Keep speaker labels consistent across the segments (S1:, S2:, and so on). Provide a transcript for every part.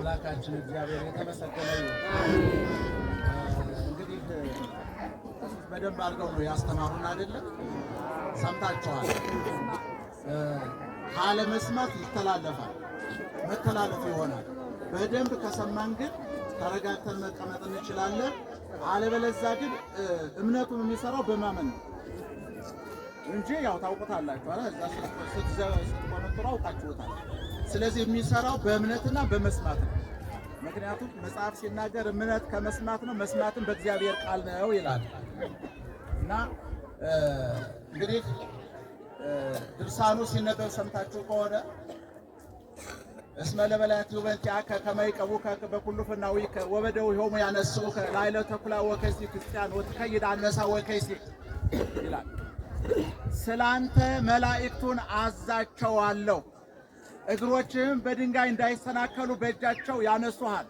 S1: አምላካችን እግዚአብሔር የተመሰገነ እንግዲህ በደንብ አድርገው ነው ያስተማሩን አይደለም ሰምታችኋል ካለመስማት ይተላለፋል መተላለፍ ይሆናል በደንብ ከሰማን ግን ተረጋግተን መቀመጥ እንችላለን አለበለዚያ ግን እምነቱን የሚሰራው በማመን ነው እንጂ ያው ታውቁታላችሁ ስትቆመጥሩ አውቃችሁታል ስለዚህ የሚሰራው በእምነትና በመስማት ነው። ምክንያቱም መጽሐፍ ሲናገር እምነት ከመስማት ነው፣ መስማትን በእግዚአብሔር ቃል ነው ይላል እና እንግዲህ ድርሳኑ ሲነበብ ሰምታችሁ ከሆነ እስመ ለበላያት ዩበንቲአከ ከመ ይቀቡከ በኩሉ ፍናዊከ ወበደዊሆሙ ያነሱከ ላዕለ ተኩላ ወከይሲ ክርስቲያን ወትከይድ አነሳ ወከይሲ ይላል። ስላንተ መላእክቱን አዛቸዋለሁ እግሮችህም በድንጋይ እንዳይሰናከሉ በእጃቸው ያነሱሃል።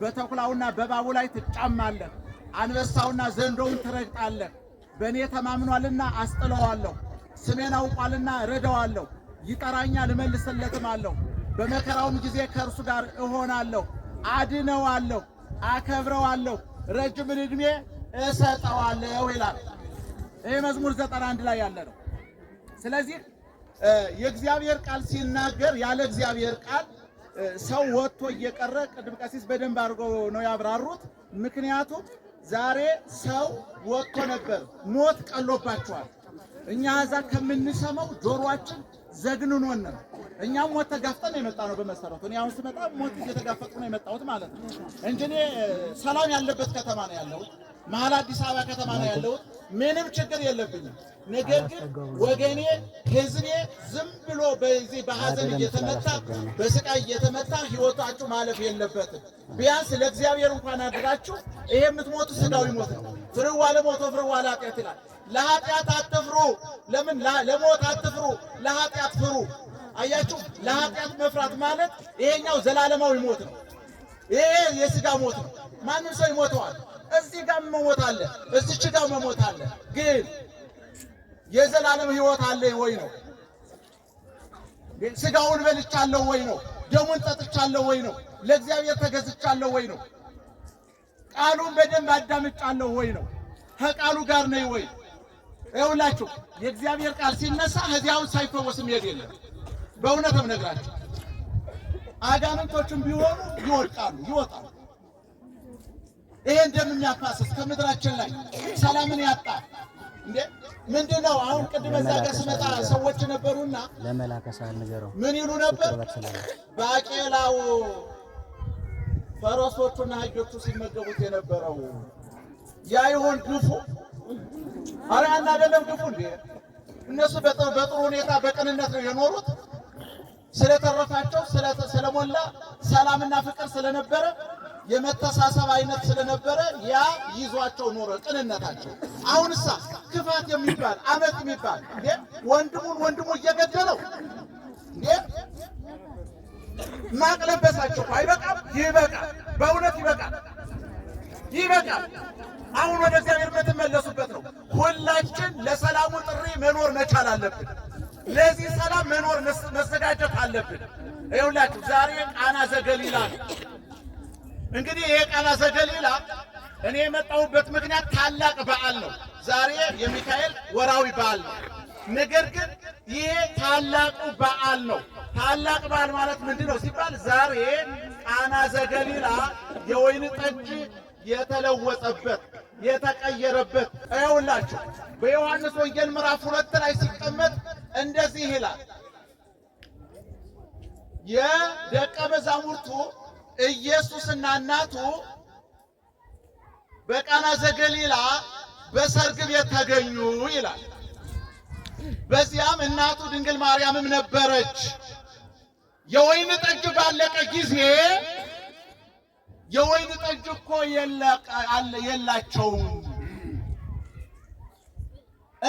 S1: በተኩላውና በባቡ ላይ ትጫማለህ፣ አንበሳውና ዘንዶውን ትረግጣለህ። በእኔ ተማምኗልና አስጥለዋለሁ፣ ስሜን አውቋልና ረደዋለሁ። ይጠራኛል እመልስለትም አለሁ። በመከራውም ጊዜ ከእርሱ ጋር እሆናለሁ፣ አድነዋለሁ፣ አከብረዋለሁ፣ ረጅምን ዕድሜ እሰጠዋለሁ ይላል። ይህ መዝሙር ዘጠና አንድ ላይ ያለ ነው። ስለዚህ የእግዚአብሔር ቃል ሲናገር ያለ እግዚአብሔር ቃል ሰው ወጥቶ እየቀረ ቅድም ቀሲስ በደንብ አድርገው ነው ያብራሩት። ምክንያቱም ዛሬ ሰው ወጥቶ ነበር፣ ሞት ቀሎባቸዋል። እኛ እዛ ከምንሰማው ጆሮአችን ዘግንኖን ነው። እኛም ሞት ተጋፍጠን የመጣ ነው። በመሰረቱ እኔ አሁን ስመጣ ሞት እየተጋፈጥኩ ነው የመጣሁት ማለት ነው እንጂ እኔ ሰላም ያለበት ከተማ ነው ያለሁት መሀል አዲስ አበባ ከተማ ነው ያለሁት። ምንም ችግር የለብኝም። ነገር ግን ወገኔ ህዝቤ ዝም ብሎ በዚህ በሀዘን እየተመታ በስቃይ እየተመታ ህይወታችሁ ማለፍ የለበትም። ቢያንስ ለእግዚአብሔር እንኳን አድራችሁ ይሄ የምትሞቱ ስጋው ይሞት ነው። ፍርዋ ለሞቶ ፍርዋ ለኃጢአት ይላል። ለኃጢአት አትፍሩ። ለምን ለሞት አትፍሩ፣ ለኃጢአት ፍሩ። አያችሁ፣ ለኃጢአት መፍራት ማለት ይሄኛው ዘላለማዊ ሞት ነው። ይሄ የስጋ ሞት ነው። ማንም ሰው ይሞተዋል። እዚህ ጋር መሞት አለ፣ እዚች ጋር መሞት አለ። ግን የዘላለም ህይወት አለ ወይ ነው? ስጋውን በልቻለሁ ወይ ነው? ደሙን ጠጥቻለሁ ወይ ነው? ለእግዚአብሔር ተገዝቻለሁ ወይ ነው? ቃሉን በደንብ አዳምጫለሁ ወይ ነው? ከቃሉ ጋር ነኝ ወይ? ይኸውላችሁ የእግዚአብሔር ቃል ሲነሳ እዚያውን ሳይፈወስ የሚሄድ የለም። በእውነትም ነግራችሁ አጋንንቶችም ቢሆኑ ይወድቃሉ፣ ይወጣሉ። ይሄ ደም ከምድራችን ላይ ሰላምን ያጣ እንዴ ምንድን ነው? አሁን ቅድም እዛ ጋር ስመጣ ሰዎች ነበሩና ለመላከሳል ነገረው ምን ይሉ ነበር? ባቄላው ፈረሶቹና አህዮቹ ሲመገቡት የነበረው ያ ይሆን ግፉ? አረ ያን አይደለም ግፉ እንዴ እነሱ በጥሩ ሁኔታ በቅንነት ነው የኖሩት። ስለተረፋቸው ስለሞላ ሰላምና ፍቅር ስለነበረ የመተሳሰብ አይነት ስለነበረ ያ ይዟቸው ኖረ ቅንነታቸው። አሁንሳ ክፋት የሚባል አመት የሚባል ወንድሙን ወንድሙ እየገደለው ማቅለበሳቸው አይበቃም? ይበቃል። በእውነት ይበቃል፣ ይበቃል። አሁን ወደ እግዚአብሔር የምትመለሱበት ነው። ሁላችን ለሰላሙ ጥሪ መኖር መቻል አለብን። ለዚህ ሰላም መኖር መዘጋጀት አለብን። ይሁላችሁ ዛሬ ቃና ዘገሊላ ነው። እንግዲህ ይሄ ቃና ዘገሊላ እኔ የመጣሁበት ምክንያት ታላቅ በዓል ነው። ዛሬ የሚካኤል ወራዊ በዓል ነው። ነገር ግን ይሄ ታላቁ በዓል ነው። ታላቅ በዓል ማለት ምንድን ነው ሲባል ዛሬ ቃና ዘገሊላ የወይን ጠጅ የተለወጠበት የተቀየረበት እያውላችሁ በዮሐንስ ወንጌል ምዕራፍ ሁለት ላይ ሲቀመጥ እንደዚህ ይላል የደቀ መዛሙርቱ ኢየሱስና እናቱ በቃና ዘገሊላ በሰርግ ቤት ተገኙ ይላል። በዚያም እናቱ ድንግል ማርያምም ነበረች። የወይን ጠጅ ባለቀ ጊዜ የወይን ጠጅ እኮ የላቸውም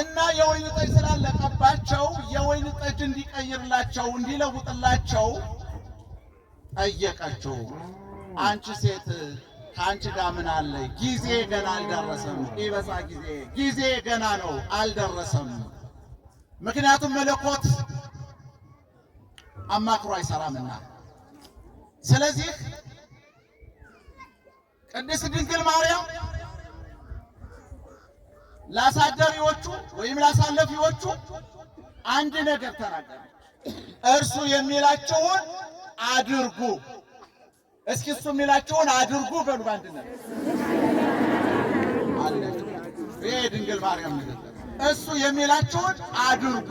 S1: እና የወይን ጠጅ ስላለቀባቸው የወይን ጠጅ እንዲቀይርላቸው እንዲለውጥላቸው ጠየቀችው። አንቺ ሴት ከአንቺ ጋር ምን አለ? ጊዜ ገና አልደረሰም። ይበዛ ጊዜ ጊዜ ገና ነው አልደረሰም። ምክንያቱም መለኮት አማክሮ አይሰራምና። ስለዚህ ቅድስት ድንግል ማርያም ላሳደሪዎቹ ወይም ላሳለፊዎቹ አንድ ነገር ተናገረች። እርሱ የሚላቸውን አድርጉ። እስኪ እሱ የሚላችሁን አድርጉ በሉ። በአንድነት ይሄ ድንግል ማርያም ነገር እሱ የሚላችሁን አድርጉ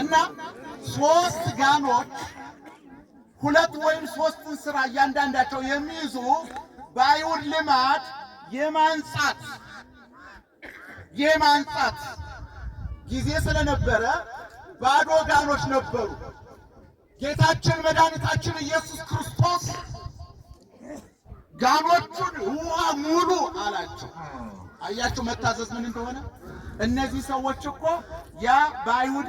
S1: እና ሶስት ጋኖች ሁለት ወይም ሶስትን ስራ እያንዳንዳቸው የሚይዙ በአይሁድ ልማድ የማንጻት የማንጻት ጊዜ ስለነበረ ባዶ ጋኖች ነበሩ። ጌታችን መድኃኒታችን ኢየሱስ ክርስቶስ ጋኖቹን ውሃ ሙሉ አላቸው። አያችሁ መታዘዝ ምን እንደሆነ። እነዚህ ሰዎች እኮ ያ በአይሁድ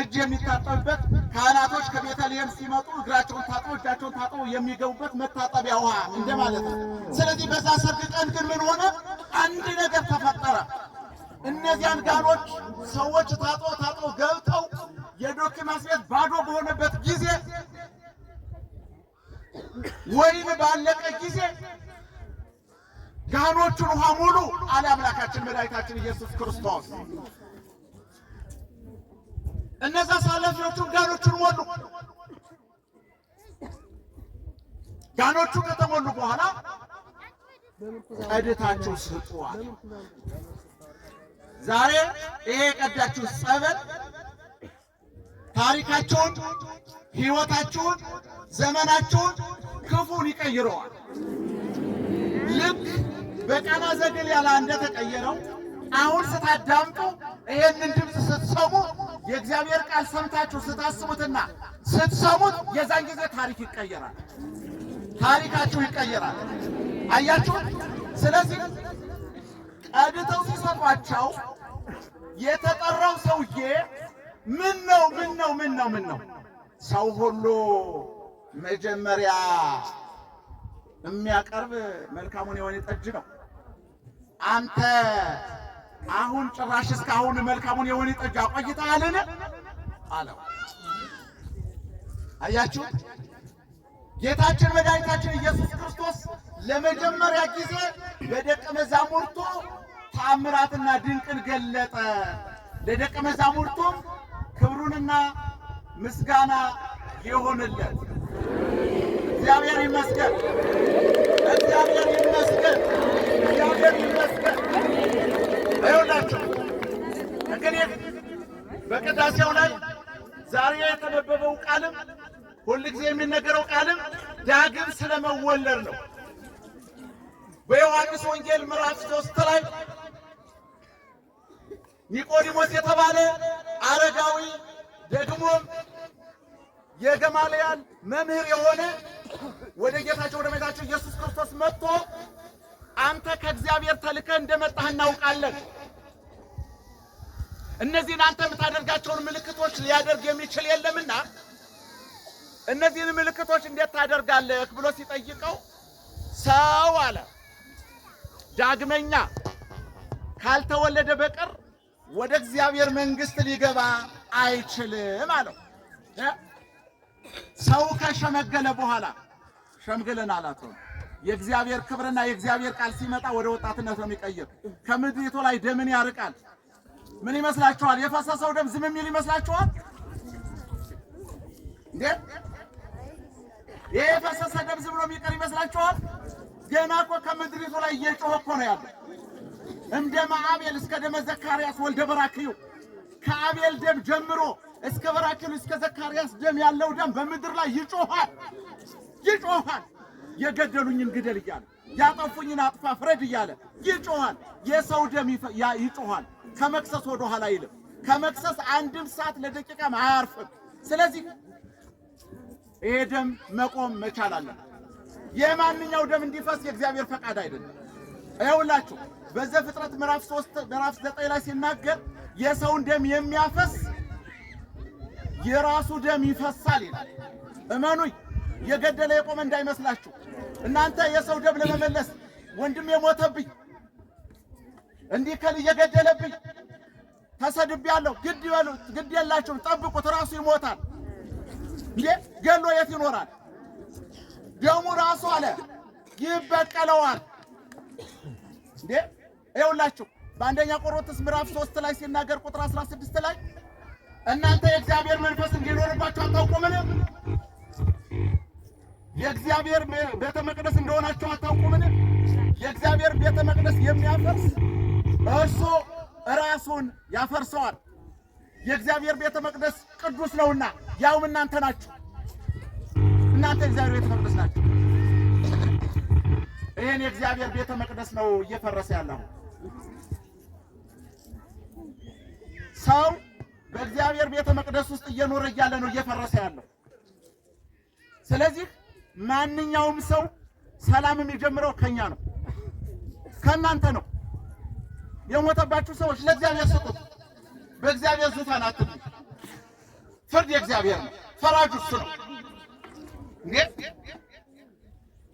S1: እጅ የሚታጠብበት ካህናቶች ከቤተልሔም ሲመጡ እግራቸውን ታጥበው እጃቸውን ታጥበው የሚገቡበት መታጠቢያ ውሃ እንደማለት ነው። ስለዚህ በዛ ሰርግ ቀን ግን ምን ሆነ? አንድ ነገር ተፈጠረ። እነዚያን ጋኖች ሰዎች ታጥበው ታጥበው ገብተው የዶክመንት ቤት ባዶ በሆነበት ጊዜ ወይም ባለቀ ጊዜ ጋኖቹን ውሃ ሙሉ አለ አምላካችን መድኃኒታችን ኢየሱስ ክርስቶስ። እነዛ ሳላፊዎቹን ጋኖቹን ሞሉ። ጋኖቹ ከተሞሉ በኋላ ቀድታችሁ ስጡዋል። ዛሬ ይሄ የቀዳችሁ ጸበል ታሪካቸውን፣ ህይወታቸውን ዘመናቸውን ክፉን ይቀይረዋል። ልክ በቃና ዘገሊላ እንደተቀየረው አሁን ስታዳምጡ ይሄንን ድምፅ ስትሰሙ የእግዚአብሔር ቃል ሰምታችሁ ስታስቡትና ስትሰሙት የዛን ጊዜ ታሪክ ይቀየራል። ታሪካችሁ ይቀየራል። አያችሁ። ስለዚህ ቀድተው ሲሰጧቸው የተጠራው ሰውዬ ምን ነው ምን ነው ምን ነው ምን ነው? ሰው ሁሉ መጀመሪያ የሚያቀርብ መልካሙን የወይን ጠጅ ነው። አንተ አሁን ጭራሽ እስካሁን መልካሙን የወይን ጠጅ አቆይተሃልን አለው። አያችሁ ጌታችን መድኃኒታችን ኢየሱስ ክርስቶስ ለመጀመሪያ ጊዜ ለደቀ መዛሙርቱ ታምራትና ድንቅን ገለጠ። ለደቀ መዛሙርቱም ክብሩንና ምስጋና ይሁንለት። እግዚአብሔር ይመስገን፣ እግዚአብሔር ይመስገን፣ እግዚአብሔር ይመስገን። ይሁላችሁ እንግዲህ በቅዳሴው ላይ ዛሬ የተነበበው ቃልም ሁልጊዜ የሚነገረው ቃልም ዳግም ስለመወለድ ነው። በዮሐንስ ወንጌል ምዕራፍ ሶስት ላይ ኒቆዲሞስ የተባለ አረጋዊ ደግሞም የገማልያን መምህር የሆነ ወደ ጌታቸው ወደ መድኃኒታችን ኢየሱስ ክርስቶስ መጥቶ አንተ ከእግዚአብሔር ተልከ እንደመጣህ እናውቃለን። እነዚህን አንተ የምታደርጋቸውን ምልክቶች ሊያደርግ የሚችል የለምና እነዚህን ምልክቶች እንዴት ታደርጋለህ ብሎ ሲጠይቀው ሰው አለ ዳግመኛ ካልተወለደ በቀር ወደ እግዚአብሔር መንግሥት ሊገባ አይችልም አለው። ሰው ከሸመገለ በኋላ ሸምግልን አላተውም። የእግዚአብሔር ክብርና የእግዚአብሔር ቃል ሲመጣ ወደ ወጣትነት ነው የሚቀይር። ከምድሪቱ ላይ ደምን ያርቃል። ምን ይመስላችኋል? የፈሰሰው ደም ዝም የሚል ይመስላችኋል እንዴ? ይሄ የፈሰሰ ደም ዝም ብሎ የሚቀር ይመስላችኋል? ገና እኮ ከምድሪቱ ላይ እየጮኸ እኮ ነው ያለው። እንደ ማዕቤል እስከ ደመ ዘካርያስ ወልደ በራክዩ ከአቤል ደም ጀምሮ እስከ በራኪል እስከ ዘካርያስ ደም ያለው ደም በምድር ላይ ይጮሃል ይጮሃል። የገደሉኝን ግደል እያለ ያጠፉኝን አጥፋ ፍረድ እያለ ይጮሃል። የሰው ደም ይጮሃል ከመክሰስ ወደ ኋላ አይልም። ከመክሰስ አንድም ሰዓት ለደቂቃም አያርፍም። ስለዚህ ይሄ ደም መቆም መቻል አለ። የማንኛው ደም እንዲፈስ የእግዚአብሔር ፈቃድ አይደለም። ይኸውላችሁ በዘፍጥረት ምዕራፍ 3 ምዕራፍ 9 ላይ ሲናገር የሰውን ደም የሚያፈስ የራሱ ደም ይፈሳል ይላል። እመኑኝ፣ የገደለ የቆመ እንዳይመስላችሁ። እናንተ የሰው ደም ለመመለስ ወንድም የሞተብኝ እንዲህ ከል እየገደለብኝ ተሰድቤያለሁ፣ ግድ ይበሉ፣ ግድ የላችሁም፣ ጠብቁት፣ ራሱ ይሞታል። እንዴ ገሎ የት ይኖራል? ደሙ ራሱ አለ ይበቀለዋል። እንዴ ይኸውላችሁ በአንደኛ ቆሮንቶስ ምዕራፍ 3 ላይ ሲናገር ቁጥር 16 ላይ እናንተ የእግዚአብሔር መንፈስ እንዲኖርባችሁ አታውቁምን? የእግዚአብሔር ቤተ መቅደስ እንደሆናችሁ አታውቁምን? የእግዚአብሔር ቤተ መቅደስ የሚያፈርስ እርሱ ራሱን ያፈርሰዋል። የእግዚአብሔር ቤተ መቅደስ ቅዱስ ነውና፣ ያውም እናንተ ናችሁ። እናንተ የእግዚአብሔር ቤተ መቅደስ ናችሁ። ይህን የእግዚአብሔር ቤተ መቅደስ ነው እየፈረሰ ያለው። ሰው በእግዚአብሔር ቤተ መቅደስ ውስጥ እየኖረ እያለ ነው እየፈረሰ ያለው። ስለዚህ ማንኛውም ሰው ሰላም የሚጀምረው ከኛ ነው፣ ከእናንተ ነው። የሞተባችሁ ሰዎች ለእግዚአብሔር ስጡት። በእግዚአብሔር ዙፋን አትጥፉ። ፍርድ የእግዚአብሔር ነው፣ ፈራጁ እሱ ነው።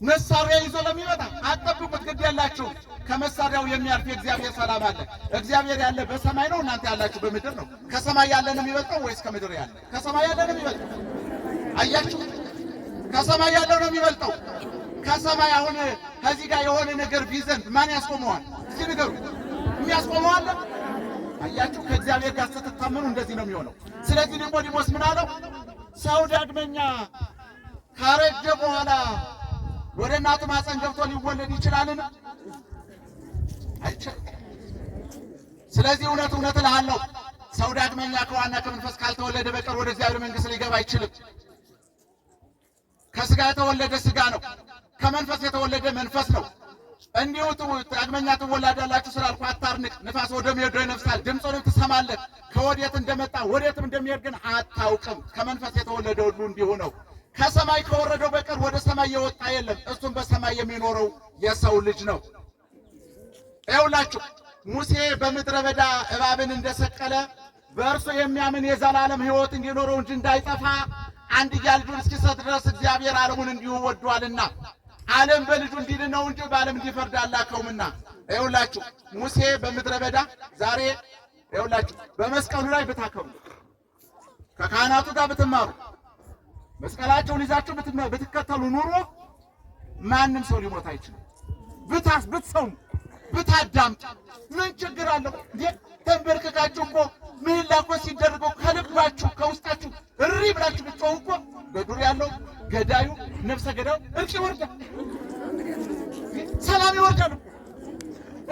S1: መሳሪያ ይዞ ለሚመጣ አጠብቁት፣ ግድ ያላችሁ ከመሳሪያው የሚያርፍ የእግዚአብሔር ሰላም አለ። እግዚአብሔር ያለ በሰማይ ነው፣ እናንተ ያላችሁ በምድር ነው። ከሰማይ ያለ ነው የሚበልጠው ወይስ ከምድር ያለ? ከሰማይ ያለ ነው የሚበልጠው። አያችሁ፣ ከሰማይ ያለው ነው የሚበልጠው። ከሰማይ አሁን ከዚህ ጋር የሆነ ነገር ቢዘን ማን ያስቆመዋል? እዚህ ንገሩ፣ የሚያስቆመው አያችሁ፣ ከእግዚአብሔር ጋር ስትታመኑ እንደዚህ ነው የሚሆነው። ስለዚህ ኒቆዲሞስ ምን አለው? ሰው ዳግመኛ ካረጀ በኋላ ወደ እናቱ ማፀን ገብቶ ሊወለድ ይችላልን? አይችልም። ስለዚህ እውነት እውነት እልሃለሁ ሰው ዳግመኛ ከዋና ከመንፈስ ካልተወለደ በቀር ወደ እግዚአብሔር መንግሥት ሊገባ አይችልም። ከስጋ የተወለደ ስጋ ነው፣ ከመንፈስ የተወለደ መንፈስ ነው። እንዲሁ ዳግመኛ ትወላዳላችሁ ስላልኩ አታርንቅ። ንፋስ ወደሚሄዱ ይነፍሳል፣ ድምፁንም ትሰማለህ፣ ከወዴት እንደመጣ ወዴትም እንደሚሄድ ግን አታውቅም። ከመንፈስ የተወለደ ሁሉ እንዲሁ ነው። ከሰማይ ከወረደው በቀር ወደ ሰማይ የወጣ የለም። እሱም በሰማይ የሚኖረው የሰው ልጅ ነው። ይኸውላችሁ ሙሴ በምድረ በዳ እባብን እንደሰቀለ በእርሱ የሚያምን የዘላለም ሕይወት እንዲኖረው እንጂ እንዳይጠፋ አንድያ ልጁን እስኪሰጥ ድረስ እግዚአብሔር ዓለሙን እንዲሁ ወዷልና ዓለም በልጁ እንዲድነው እንጂ በዓለም እንዲፈርድ አላከውምና። ይኸውላችሁ ሙሴ በምድረ በዳ ዛሬ ይኸውላችሁ በመስቀሉ ላይ ብታከብሩ ከካህናቱ ጋር ብትማሩ መስቀላቸውን ይዛቸው ብትከተሉ ኑሮ ማንም ሰው ሊሞት አይችልም። ብታስ ብትሰው ብታዳም ምን ችግር አለው? ተንበርክካችሁ እኮ ምን ላኮ ሲደረገው ከልባችሁ ከውስጣችሁ እሪ ብላችሁ ብትጮው እኮ በዱር ያለው ገዳዩ ነፍሰ ገዳዩ እርቅ ይወርዳል፣ ሰላም ይወርዳል።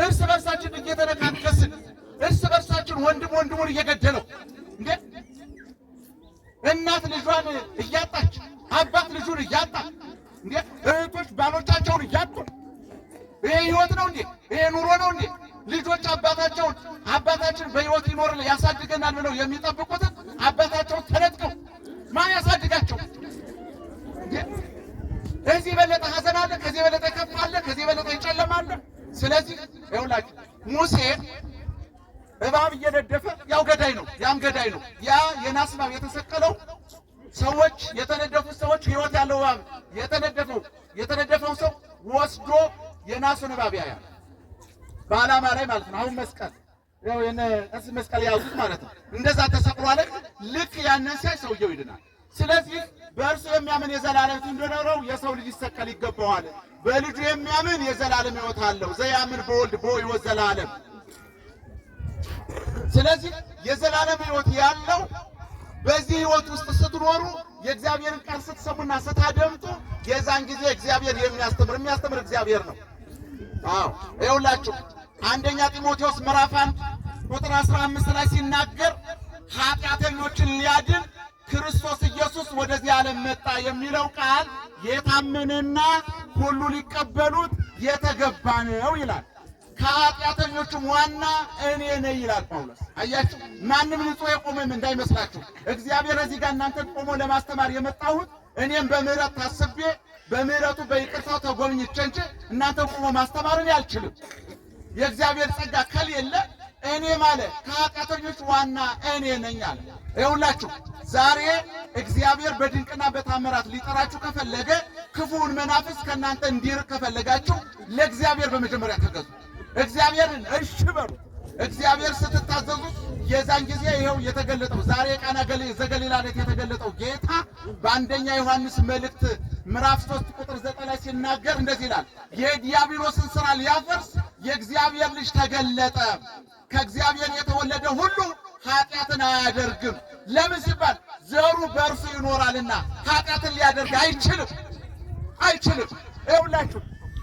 S1: እርስ በርሳችን እየተነካከስን እርስ በርሳችን ወንድም ወንድሙን እየገደለው እንዴ እናት ልጇን እያጣች፣ አባት ልጁን እያጣ፣ እንዴት እህቶች ባሎቻቸውን እያጡ። ይሄ ህይወት ነው እንዴ? ይሄ ኑሮ ነው እንዴ? ልጆች አባታቸውን አባታችን በህይወት ይኖር ያሳድገናል ብለው የሚጠብቁትን አባታቸውን ተነጥቀው ማን ያሳድጋቸው? እዚህ የበለጠ ሀዘን አለ? ከዚህ የበለጠ ከፍ አለ? ከዚህ የበለጠ ይጨለማለ? ስለዚህ ይኸውላችሁ ሙሴ እባብ እየነደፈ ያው ገዳይ ነው፣ ያም ገዳይ ነው። ያ የናስ እባብ የተሰቀለው ሰዎች የተነደፉት ሰዎች ህይወት ያለው እባብ የተነደፈው የተነደፈው ሰው ወስዶ የናሱን እባብ ያያል በዓላማ ላይ ማለት ነው። አሁን መስቀል ያው የነ እዚህ መስቀል ያዙት ማለት ነው። እንደዛ ተሰቅሎ አለ። ልክ ያንን ሲያይ ሰውየው ይድናል። ስለዚህ በእርሱ የሚያምን የዘላለም እንዲኖረው የሰው ልጅ ይሰቀል ይገባዋል። በልጁ የሚያምን የዘላለም ህይወት አለው። ዘያምን በወልድ ቦ ዘላለም ስለዚህ የዘላለም ህይወት ያለው በዚህ ህይወት ውስጥ ስትኖሩ የእግዚአብሔርን ቃል ስትሰሙና ስታደምጡ የዛን ጊዜ እግዚአብሔር የሚያስተምር የሚያስተምር እግዚአብሔር ነው። አዎ ይኸውላችሁ አንደኛ ጢሞቴዎስ ምዕራፍ አንድ ቁጥር 15 ላይ ሲናገር ኃጢአተኞችን ሊያድን ክርስቶስ ኢየሱስ ወደዚህ ዓለም መጣ የሚለው ቃል የታመነና ሁሉ ሊቀበሉት የተገባ ነው ይላል። ከኃጢአተኞቹም ዋና እኔ ነኝ ይላል ጳውሎስ። አያችሁ፣ ማንም ንጹሕ የቆመም እንዳይመስላችሁ። እግዚአብሔር እዚህ ጋር እናንተን ቆሞ ለማስተማር የመጣሁት እኔም በምሕረት ታስቤ በምሕረቱ በይቅርታው ተጎብኝቼ እንጂ እናንተን ቆሞ ማስተማርን አልችልም። የእግዚአብሔር ጸጋ ከሌለ እኔ ማለት ከኃጢአተኞች ዋና እኔ ነኝ አለ። ይኸውላችሁ ዛሬ እግዚአብሔር በድንቅና በታምራት ሊጠራችሁ ከፈለገ ክፉውን መናፍስ ከእናንተ እንዲርቅ ከፈለጋችሁ ለእግዚአብሔር በመጀመሪያ ተገዙ። እግዚአብሔርን እሺ በሉ። እግዚአብሔር ስትታዘዙ የዛን ጊዜ ይኸው የተገለጠው ዛሬ የቃና ዘገሊላ ዕለት የተገለጠው ጌታ በአንደኛ ዮሐንስ መልእክት ምዕራፍ ሦስት ቁጥር ዘጠኝ ላይ ሲናገር እንደዚህ ይላል፣ የዲያብሎስን ሥራ ሊያፈርስ የእግዚአብሔር ልጅ ተገለጠ። ከእግዚአብሔር የተወለደ ሁሉ ኃጢአትን አያደርግም። ለምን ሲባል ዘሩ በእርሱ ይኖራልና ኃጢአትን ሊያደርግ አይችልም አይችልም። ይኸውላችሁ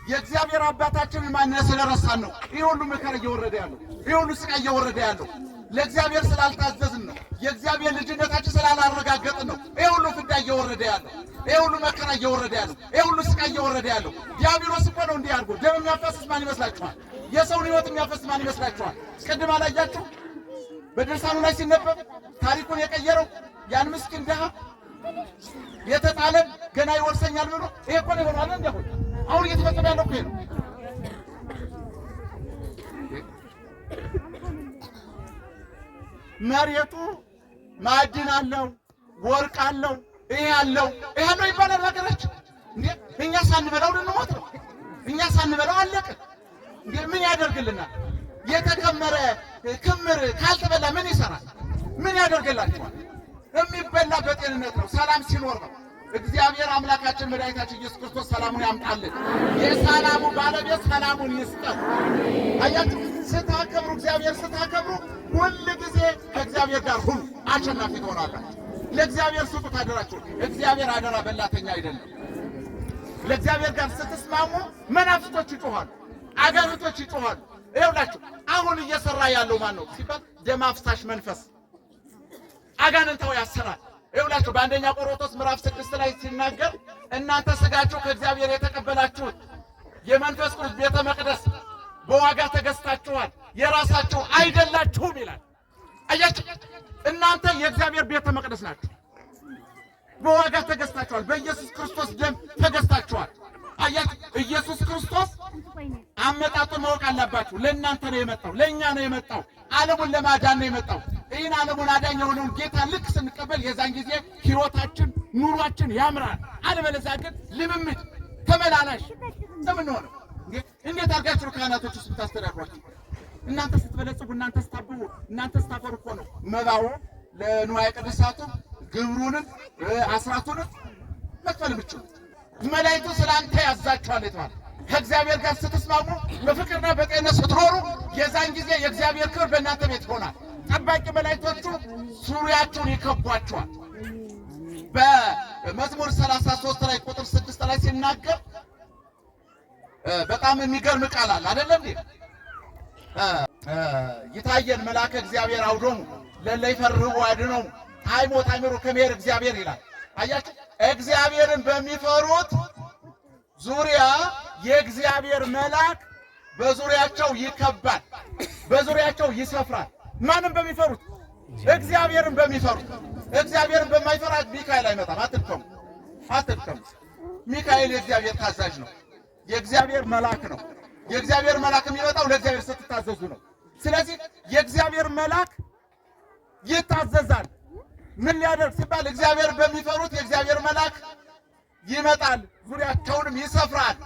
S1: የእግዚአብሔር አባታችንን ማንነት ስለረሳን ነው ይህ ሁሉ መከራ እየወረደ ያለው፣ ይህ ሁሉ ስቃይ እየወረደ ያለው ለእግዚአብሔር ስላልታዘዝን ነው። የእግዚአብሔር ልጅነታችን ስላላረጋገጥን ነው። ይህ ሁሉ ፍዳ እየወረደ ያለው፣ ይህ ሁሉ መከራ እየወረደ ያለው፣ ይህ ሁሉ ስቃይ እየወረደ ያለው ዲያብሎስ እኮ ነው እንዲህ አድርጎ ደም የሚያፈስስ ማን ይመስላችኋል? የሰውን ህይወት የሚያፈስስ ማን ይመስላችኋል? ቅድም አላያችሁ በድርሳኑ ላይ ሲነበብ ታሪኩን የቀየረው ያን ምስኪን ድሃ የተጣለን ገና ይወርሰኛል ብሎ ይሄ እኮ ነው ይሆናል እንዲሁን አሁን እየተፈጸመ ያለው እኮ ነው። መሬቱ ማዕድን አለው፣ ወርቅ አለው፣ ይሄ አለው፣ ይሄ አለው ይባላል። በሀገራችን እንዴ እኛ ሳንበላው ልንሞት ነው። እኛ ሳንበላው አለቀ ምን ያደርግልናል? የተከመረ ክምር ካልተበላ ምን ይሰራል? ምን ያደርግላችኋል? የሚበላ በጤንነት ነው፣ ሰላም ሲኖር ነው። እግዚአብሔር አምላካችን መድኃኒታችን ኢየሱስ ክርስቶስ ሰላሙን ያምጣልን። የሰላሙ ባለቤት ሰላሙን ይስጠን። አያችሁ፣ ስታከብሩ፣ እግዚአብሔር ስታከብሩ፣ ሁል ጊዜ ከእግዚአብሔር ጋር ሁሉ አሸናፊ ትሆናላችሁ። ለእግዚአብሔር ስጡት አደራችሁ። እግዚአብሔር አደራ በላተኛ አይደለም። ለእግዚአብሔር ጋር ስትስማሙ መናፍስቶች ይጮኋሉ፣ አጋንንቶች ይጮኋሉ። ይኸውላችሁ አሁን እየሰራ ያለው ማን ነው ሲባል ደም አፍሳሽ መንፈስ አጋንንታዊ ያሰራል። ይውላችሁ በአንደኛ ቆሮንቶስ ምዕራፍ ስድስት ላይ ሲናገር እናንተ ስጋችሁ ከእግዚአብሔር የተቀበላችሁት የመንፈስ ቅዱስ ቤተ መቅደስ በዋጋ ተገዝታችኋል፣ የራሳችሁ አይደላችሁም ይላል። አያችሁ፣ እናንተ የእግዚአብሔር ቤተ መቅደስ ናችሁ። በዋጋ ተገዝታችኋል፣ በኢየሱስ ክርስቶስ ደም ተገዝታችኋል። አያችሁ፣ ኢየሱስ ክርስቶስ አመጣጡን ማወቅ አለባችሁ። ለእናንተ ነው የመጣው፣ ለእኛ ነው የመጣው። ዓለሙን ለማዳን ነው የመጣው። ይህን ዓለሙን አዳኝ የሆነውን ጌታ ልክ ስንቀበል የዛን ጊዜ ሕይወታችን ኑሯችን ያምራል። አለበለዚያ ግን ልምምድ ተመላላሽ የምንሆነው። እንዴት አድርጋችሁ ካህናቶች ውስጥ ብታስተዳድሯቸው እናንተ ስትበለጽጉ፣ እናንተ ስታብቡ፣ እናንተ ስታፈሩ እኮ ነው መባው ለንዋየ ቅድሳቱ ግብሩንም አስራቱንም መክፈል ብቻ መላእክቱ ስለ አንተ ያዛችኋል የተባለ ከእግዚአብሔር ጋር ስትስማሙ፣ በፍቅርና በጤነት ስትኖሩ፣ የዛን ጊዜ የእግዚአብሔር ክብር በእናንተ ቤት ይሆናል። ጠባቂ መላእክቶቹ ዙሪያችሁን ይከቧችኋል። በመዝሙር 33 ላይ ቁጥር 6 ላይ ሲናገር በጣም የሚገርም ቃል አለ አይደለም እንዴ? ይታየን መልአከ እግዚአብሔር አውዶሙ ለለ ይፈርህዎ አድኅኖሙ አይሞት አይምሮ ከመሄድ እግዚአብሔር ይላል። አያችሁ እግዚአብሔርን በሚፈሩት ዙሪያ የእግዚአብሔር መልአክ በዙሪያቸው ይከባል፣ በዙሪያቸው ይሰፍራል። ማንም በሚፈሩት እግዚአብሔርን በሚፈሩት እግዚአብሔርን በማይፈራ ሚካኤል አይመጣም። አትድከሙ፣ አትድከሙ። ሚካኤል የእግዚአብሔር ታዛዥ ነው። የእግዚአብሔር መልአክ ነው። የእግዚአብሔር መልአክ የሚመጣው ለእግዚአብሔር ስትታዘዙ ነው። ስለዚህ የእግዚአብሔር መልአክ ይታዘዛል። ምን ሊያደርግ ሲባል እግዚአብሔር በሚፈሩት የእግዚአብሔር መልአክ ይመጣል፣ ዙሪያቸውንም ይሰፍራል።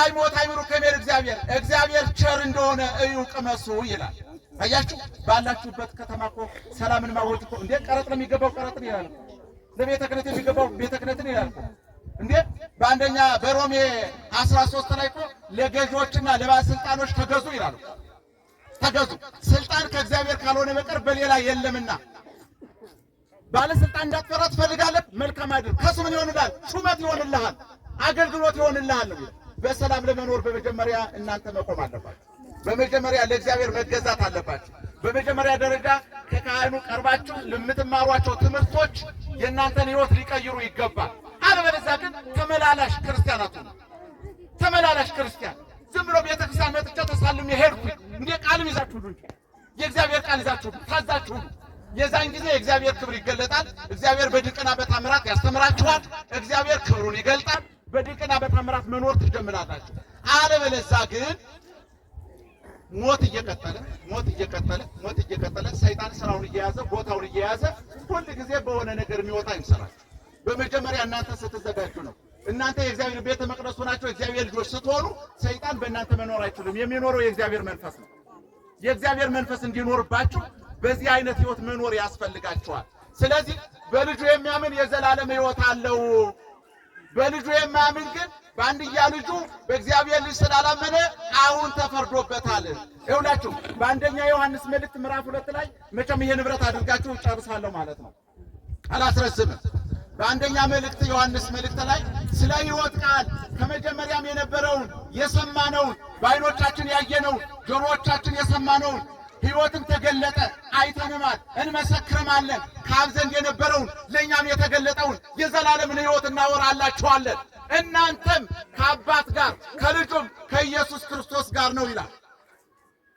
S1: አይሞት አይምሩ ከሜር እግዚአብሔር እግዚአብሔር ቸር እንደሆነ እዩ ቅመሱ ይላል። አያችሁ ባላችሁበት ከተማ እኮ ሰላምን ማወጅ እኮ እንዴ ቀረጥ ነው የሚገባው ቀረጥን ይላል። ለቤተ ክህነት የሚገባው ቤተ ክህነትን ይላል። እንዴ በአንደኛ በሮሜ 13 ላይ እኮ ለገዢዎችና ለባለስልጣኖች ተገዙ ይላሉ። ተገዙ ስልጣን ከእግዚአብሔር ካልሆነ በቀር በሌላ የለምና ባለስልጣን እንዳትፈራ ትፈልጋለህ? መልካም አይደል? ከሱ ምን ይሆንልሃል? ሹመት ይሆንልሃል፣ አገልግሎት ይሆንልሃል ነው። በሰላም ለመኖር በመጀመሪያ እናንተ መቆም አለባችሁ። በመጀመሪያ ለእግዚአብሔር መገዛት አለባችሁ። በመጀመሪያ ደረጃ ከካህኑ ቀርባችሁ ለምትማሯቸው ትምህርቶች የእናንተን ህይወት ሊቀይሩ ይገባል። አለበለዚያ ግን ተመላላሽ ክርስቲያናት ነው። ተመላላሽ ክርስቲያን ዝም ብሎ ቤተክርስቲያን መጥቻ ተሳልም ሄድኩኝ። እንዴ ቃልም ይዛችሁ የእግዚአብሔር ቃል ይዛችሁ ታዛችሁ የዛን ጊዜ እግዚአብሔር ክብር ይገለጣል። እግዚአብሔር በድቅና በታምራት ያስተምራችኋል። እግዚአብሔር ክብሩን ይገልጣል። በድቅና በታምራት መኖር ትጀምራላችሁ። አለበለዛ ግን ሞት እየቀጠለ ሞት እየቀጠለ ሞት እየቀጠለ ሰይጣን ስራውን እየያዘ ቦታውን እየያዘ ሁል ጊዜ በሆነ ነገር የሚወጣ ይምሰላችሁ። በመጀመሪያ እናንተ ስትዘጋጁ ነው። እናንተ የእግዚአብሔር ቤተ መቅደሱ ናቸው። እግዚአብሔር ልጆች ስትሆኑ ሰይጣን በእናንተ መኖር አይችልም። የሚኖረው የእግዚአብሔር መንፈስ ነው። የእግዚአብሔር መንፈስ እንዲኖርባችሁ በዚህ አይነት ህይወት መኖር ያስፈልጋቸዋል። ስለዚህ በልጁ የሚያምን የዘላለም ህይወት አለው። በልጁ የማያምን ግን በአንድያ ልጁ በእግዚአብሔር ልጅ ስላላመነ አሁን ተፈርዶበታል። ይሁላችሁ በአንደኛ ዮሐንስ መልእክት ምዕራፍ ሁለት ላይ መቼም ይሄ ንብረት አድርጋችሁ ጨርሳለሁ ማለት ነው፣ አላስረዝምም። በአንደኛ መልእክት ዮሐንስ መልእክት ላይ ስለ ህይወት ቃል ከመጀመሪያም የነበረውን የሰማነውን በአይኖቻችን ያየነውን ጆሮዎቻችን የሰማነውን ሕይወትም ተገለጠ። አይተንማል፣ እንመሰክርማለን። ከአብ ዘንድ የነበረውን ለእኛም የተገለጠውን የዘላለምን ሕይወት እናወራላችኋለን። እናንተም ከአባት ጋር ከልጁም ከኢየሱስ ክርስቶስ ጋር ነው ይላል።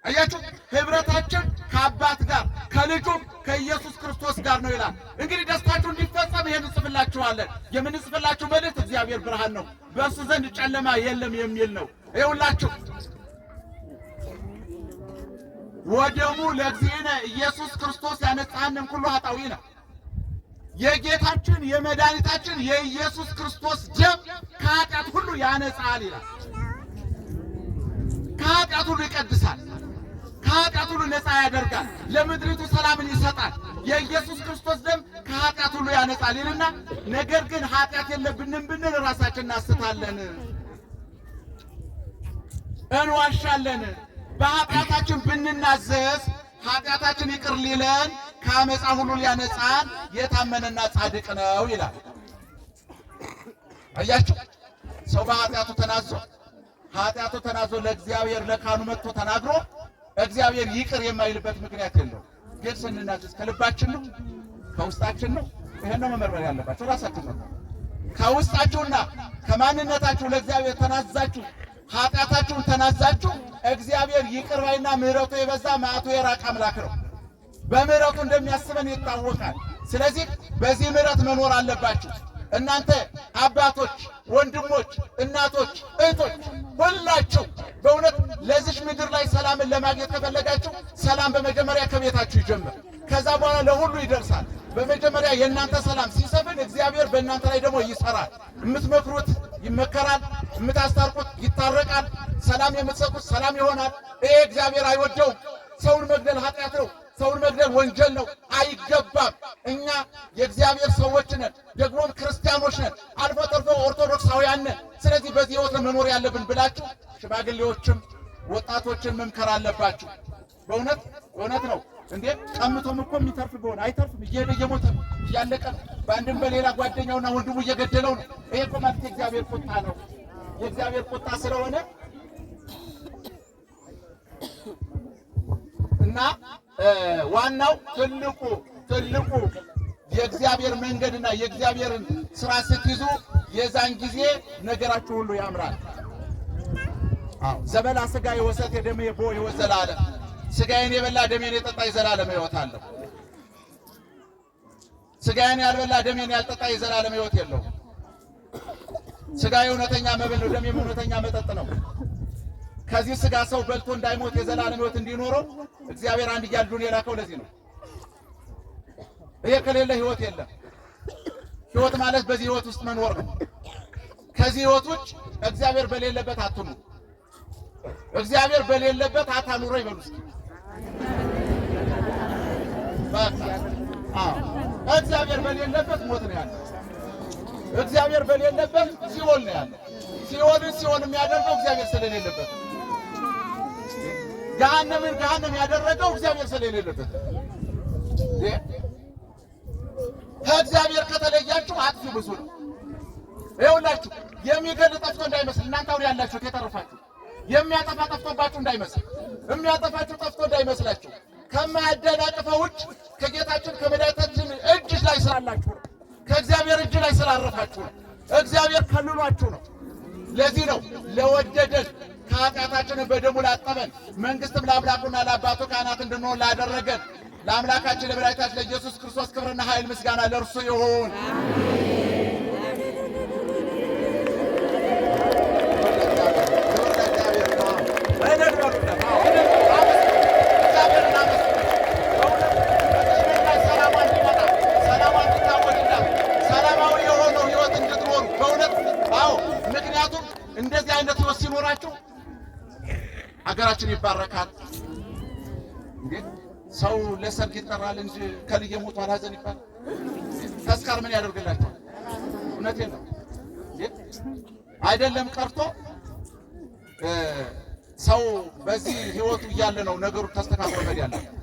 S1: አያችሁ፣ ኅብረታችን ከአባት ጋር ከልጁም ከኢየሱስ ክርስቶስ ጋር ነው ይላል። እንግዲህ ደስታችሁ እንዲፈጸም ይህን እንጽፍላችኋለን። የምንጽፍላችሁ መልእክት እግዚአብሔር ብርሃን ነው፣ በእሱ ዘንድ ጨለማ የለም የሚል ነው። ይኸውላችሁ ወደሙ ለእግዚእነ ኢየሱስ ክርስቶስ ያነጻንም ሁሉ ኃጣውኢነ የጌታችን የመድኃኒታችን የኢየሱስ ክርስቶስ ደም ከኃጢአት ሁሉ ያነጻል ይላል። ከኃጢአት ሁሉ ይቀድሳል። ከኃጢአት ሁሉ ነፃ ያደርጋል። ለምድሪቱ ሰላምን ይሰጣል። የኢየሱስ ክርስቶስ ደም ከኃጢአት ሁሉ ያነጻል ይልና ነገር ግን ኃጢአት የለብንም ብንል ራሳችን እናስታለን፣ እንዋሻለን በኃጢአታችን ብንናዘዝ ኃጢአታችን ይቅር ሊለን ከአመፃ ሁሉ ሊያነጻን የታመነና ጻድቅ ነው ይላል። አያችሁ፣ ሰው በኃጢአቱ ተናዞ ኃጢአቱ ተናዞ ለእግዚአብሔር ለካህኑ መጥቶ ተናግሮ እግዚአብሔር ይቅር የማይልበት ምክንያት የለው። ግን ስንናዘዝ ከልባችን ነው ከውስጣችን ነው። ይህን ነው መመርመር ያለባቸው ራሳችን ነው። ከውስጣችሁና ከማንነታችሁ ለእግዚአብሔር ተናዛችሁ ኃጢአታችሁን ተናዛችሁ እግዚአብሔር ይቅር ባይና ምሕረቱ የበዛ መዓቱ የራቀ አምላክ ነው። በምሕረቱ እንደሚያስበን ይታወቃል። ስለዚህ በዚህ ምሕረት መኖር አለባችሁ። እናንተ አባቶች፣ ወንድሞች፣ እናቶች፣ እህቶች ሁላችሁ በእውነት ለዚች ምድር ላይ ሰላምን ለማግኘት ከፈለጋችሁ ሰላም በመጀመሪያ ከቤታችሁ ይጀምር። ከዛ በኋላ ለሁሉ ይደርሳል። በመጀመሪያ የእናንተ ሰላም ሲሰፍን እግዚአብሔር በእናንተ ላይ ደግሞ ይሰራል። የምትመክሩት ይመከራል፣ የምታስታርቁት ይታረቃል፣ ሰላም የምትሰጡት ሰላም ይሆናል። ይሄ እግዚአብሔር አይወደውም። ሰውን መግደል ኃጢአት ነው። ሰውን መግደል ወንጀል ነው፣ አይገባም። እኛ የእግዚአብሔር ሰዎች ነን፣ ደግሞም ክርስቲያኖች ነን፣ አልፎ ተርፎ ኦርቶዶክሳውያን ነን። ስለዚህ በዚህ ነው መኖር ያለብን ብላችሁ ሽማግሌዎችም ወጣቶችን መምከር አለባችሁ። በእውነት እውነት ነው። እንዴ ቀምቶም እኮ የሚተርፍ ቢሆን አይተርፍም። እየሄደ እየሞተ እያለቀ በአንድም በሌላ ጓደኛውና ወንድሙ እየገደለው ነው። ይሄ እኮ ማለት የእግዚአብሔር ቁጣ ነው። የእግዚአብሔር ቁጣ ስለሆነ እና ዋናው ትልቁ ትልቁ የእግዚአብሔር መንገድና የእግዚአብሔርን ስራ ስትይዙ የዛን ጊዜ ነገራችሁ ሁሉ ያምራል። ዘበላ ስጋ የወሰት የደመ ቦ የወዘላለ ስጋዬን የበላ ደሜን የጠጣ የዘላለም ሕይወት አለው። ስጋዬን ያልበላ ደሜን ያልጠጣ የዘላለም ሕይወት የለው። ስጋዬ እውነተኛ መብል ነው፣ ደሜም እውነተኛ መጠጥ ነው። ከዚህ ስጋ ሰው በልቶ እንዳይሞት የዘላለም ሕይወት እንዲኖረው እግዚአብሔር አንድያ ልጁን የላከው ለዚህ ነው። ይሄ ከሌለ ሕይወት የለም። ሕይወት ማለት በዚህ ሕይወት ውስጥ መኖር ነው። ከዚህ ሕይወት ውጭ እግዚአብሔር በሌለበት አትኑ። እግዚአብሔር በሌለበት አታኑረ ይበሉ እስኪ። እግዚአብሔር በሌለበት ሞት ነው ያለው። እግዚአብሔር በሌለበት ሲኦል ነው ያለው። ሲኦልን ሲኦል የሚያደርገው እግዚአብሔር ስለሌለበት፣ ገሃነምን ገሃነም ያደረገው እግዚአብሔር ስለሌለበት። ከእግዚአብሔር ከተለያችሁ አጥፊ ብዙ ነው። ይኸውላችሁ የሚገል ጠፍቶ እንዳይመስል እናንተ አሁን ያላችሁት የተረፋችሁ የሚያጠፋ ጠፍቶባችሁ እንዳይመስል የሚያጠፋችሁ ጠፍቶ እንዳይመስላችሁ ከማያደናቅፈው ውጭ ከጌታችን ከመድኃኒታችን እጅ ላይ ስላላችሁ ነው። ከእግዚአብሔር እጅ ላይ ስላረፋችሁ ነው። እግዚአብሔር ከልሏችሁ ነው። ለዚህ ነው ለወደደን ከኃጢአታችን በደሙ ላጠበን መንግሥትም ለአምላኩና ለአባቱ ካህናት እንድንሆን ላደረገን ለአምላካችን ለመድኃኒታችን ለኢየሱስ ክርስቶስ ክብርና ኃይል ምስጋና ለእርሱ ይሁን። ቤት ይጠራል እንጂ ከልየ ሞቷል ሀዘን ይባላል። ተስካር ምን ያደርግላቸው? እውነቴን ነው አይደለም ቀርቶ ሰው በዚህ ህይወቱ እያለ ነው ነገሩ ተስተካክሎ መሄድ ያለበት።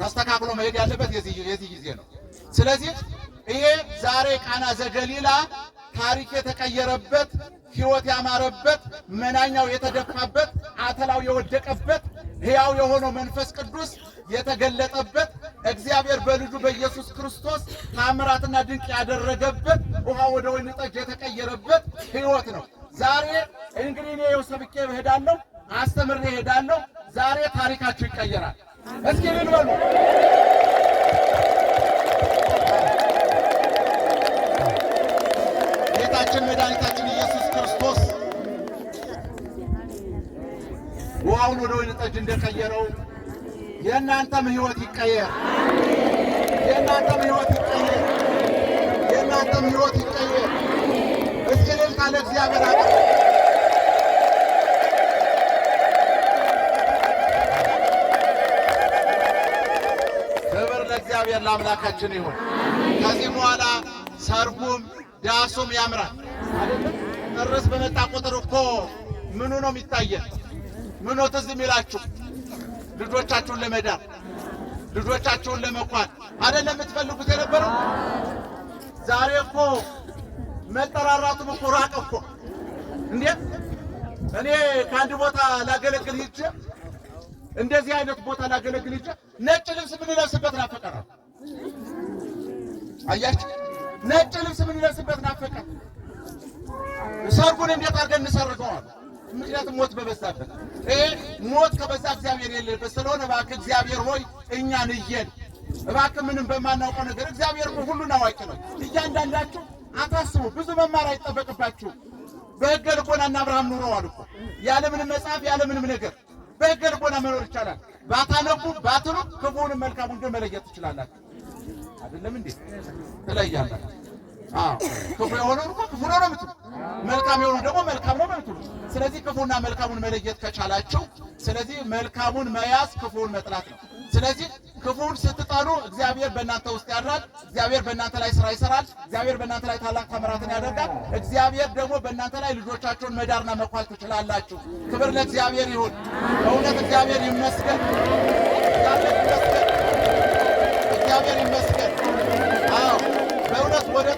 S1: ተስተካክሎ መሄድ ያለበት የዚህ ጊዜ ነው። ስለዚህ ይሄ ዛሬ ቃና ዘገሊላ ታሪክ የተቀየረበት ህይወት ያማረበት መናኛው የተደፋበት አተላው የወደቀበት ሕያው የሆነው መንፈስ ቅዱስ የተገለጠበት እግዚአብሔር በልጁ በኢየሱስ ክርስቶስ ታምራትና ድንቅ ያደረገበት ውሃ ወደ ወይን ጠጅ የተቀየረበት ሕይወት ነው። ዛሬ እንግዲህ እኔ ይኸው ሰብኬ እሄዳለሁ፣ አስተምሬ እሄዳለሁ። ዛሬ ታሪካችሁ ይቀየራል። እስኪ ምን በሉ ጌታችን መድኃኒታችን ኢየሱስ ክርስቶስ ውሃውን ወደ ወይን ጠጅ እንደቀየረው የእናንተም ሕይወት ይቀየር። የእናንተም ሕይወት ይቀየር። የእናንተም ሕይወት ይቀየር። እስኪ እልልታ ለእግዚአብሔር ክብር ለእግዚአብሔር ለአምላካችን ይሁን። ከዚህ በኋላ ሰርጉም ዳሱም ያምራል። ጥርስ በመጣ ቁጥር እኮ ምኑ ነው የሚታየን? ምኖ ትዝ የሚላችሁ ልጆቻችሁን ለመዳር ልጆቻችሁን ለመኳን አይደለም የምትፈልጉት የነበረው። ዛሬ እኮ መጠራራቱም እኮ ራቅ እኮ እንዴ! እኔ ከአንድ ቦታ ላገለግል ሂጄ እንደዚህ አይነት ቦታ ላገለግል ሂጄ ነጭ ልብስ የምንለብስበት ናፈቀረ። አያችሁ፣ ነጭ ልብስ የምንለብስበት ናፈቀ። ሰርጉን እንዴት አድርገን እንሰርገዋለን? ምክንያቱም ሞት በበዛበት ይሄ ሞት ከበዛ እግዚአብሔር የለበት ስለሆነ እባክህ እግዚአብሔር ሆይ እኛን እየን እባክህ ምንም በማናውቀው ነገር እግዚአብሔር ሁሉን አዋቂ ነው። እያንዳንዳችሁ አታስቡ፣ ብዙ መማር አይጠበቅባችሁም። በሕገ ልቦናና አብርሃም ኑረዋል እኮ ያለምንም መጽሐፍ ያለምንም ነገር በሕገ ልቦና መኖር ይቻላል። ባታነቡ ባትሉ ክፉውንም መልካሙን ግን መለየት ትችላላችሁ። አይደለም እንዴ? ትለያላችሁ ክፉ የሆነውን እኮ ክፉ ነው ነው የምትሉ፣ መልካም የሆኑ ደግሞ መልካም ነው የምትሉ። ስለዚህ ክፉና መልካሙን መለየት ከቻላችሁ፣ ስለዚህ መልካሙን መያዝ ክፉን መጥላት ነው። ስለዚህ ክፉን ስትጠሉ እግዚአብሔር በእናንተ ውስጥ ያድራል። እግዚአብሔር በእናንተ ላይ ስራ ይሰራል። እግዚአብሔር በእናንተ ላይ ታላቅ ተአምራትን ያደርጋል። እግዚአብሔር ደግሞ በእናንተ ላይ ልጆቻቸውን መዳርና መኳል ትችላላችሁ። ክብር ለእግዚአብሔር ይሁን። በእውነት ይመስገን፣ እግዚአብሔር ይመስገን፣ እግዚአብሔር ይመስገን። አዎ በእውነት ወደ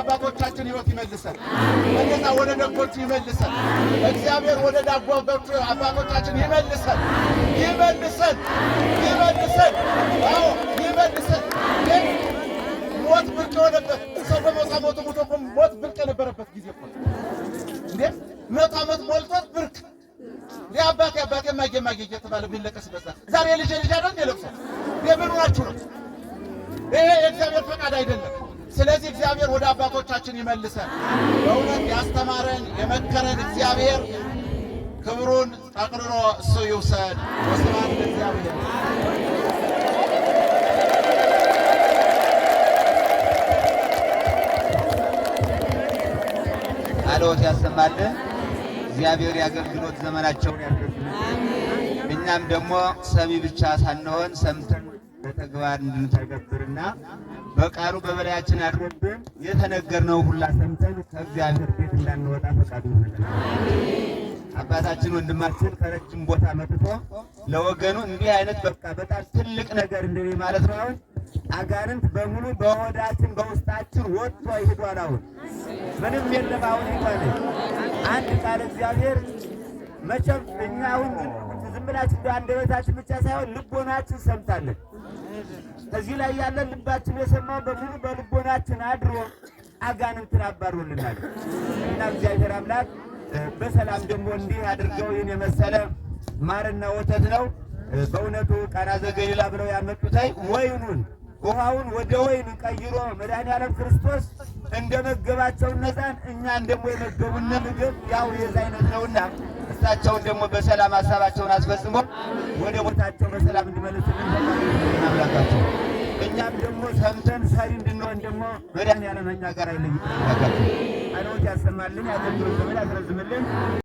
S1: አባቶቻችን ሕይወት ይመልሰን። በገዛ ወደ ደጎቹ ይመልሰን። እግዚአብሔር ወደ ዳጎበቱ አባቶቻችን ይመልሰን፣ ይመልሰን፣ ይመልሰን። አዎ ይመልሰን። ሞት ብርቅ የሆነበት ሰው በመውጣ ሞቱ ሙቶ ሞት ብርቅ የነበረበት ጊዜ እኮ እንዴ መቶ ዓመት ሞልቶት ብርቅ አባቴ አባቴ ማጌ ማጌ እየተባለ የሚለቀስበት ዛሬ ልጄ ልጅ አይደል የለቅሶ የምኑራችሁ ነው? ይሄ የእግዚአብሔር ፈቃድ አይደለም። ስለዚህ እግዚአብሔር ወደ አባቶቻችን ይመልሰን። በእውነት ያስተማረን የመከረን እግዚአብሔር ክብሩን ጠቅልሎ እሱ ይውሰድ። ወስብሐት ለእግዚአብሔር። ጸሎት ያሰማልን። እግዚአብሔር የአገልግሎት ዘመናቸውን ያደርግልን። እኛም ደግሞ ሰሚ ብቻ ሳንሆን ሰምተን በተግባር እንድንተገብርና በቃሉ በበላያችን አድሮብን የተነገርነው ሁላ ሰምተን ከእግዚአብሔር ቤት እንዳንወጣ ፈቃዱ ይሆነልን። አባታችን ወንድማችን ከረጅም ቦታ መጥቶ ለወገኑ እንዲህ አይነት በቃ በጣም ትልቅ ነገር እንደ ማለት ነው። አሁን አጋንንት በሙሉ በሆዳችን በውስጣችን ወጥቶ ይሄዷል። አሁን ምንም የለም። አሁን ይባል አንድ ቃል እግዚአብሔር መቼም እኛ አሁን ዝም ብላችሁ አንደበታችን ብቻ ሳይሆን ልቦናችን ሰምታለን እዚህ ላይ ያለ ልባችን የሰማው በሙሉ በልቦናችን አድሮ አጋንንትን አባሮልናል እና እግዚአብሔር አምላክ በሰላም ደግሞ እንዲህ አድርገው ይህን የመሰለ ማርና ወተት ነው በእውነቱ ቃና ዘገሊላ ብለው ያመጡታይ ወይኑን ውሃውን ወደ ወይን ቀይሮ መድኃኒዓለም ክርስቶስ እንደ መገባቸው እኛ እኛን ደግሞ የመገቡን ምግብ ያው የዛ አይነት ነውና እሳቸውን ደግሞ በሰላም ሀሳባቸውን አስፈጽሞ ወደ ቦታቸው በሰላም እንዲመለስልን እናምላካቸው። እኛም ደግሞ ሰምተን ሰሪ እንድንሆን ደግሞ መድኃኒዓለም ከእኛ ጋር አይለይም። አለሞት ያሰማልን፣ ያገልግሎት ዘመን ያስረዝምልን።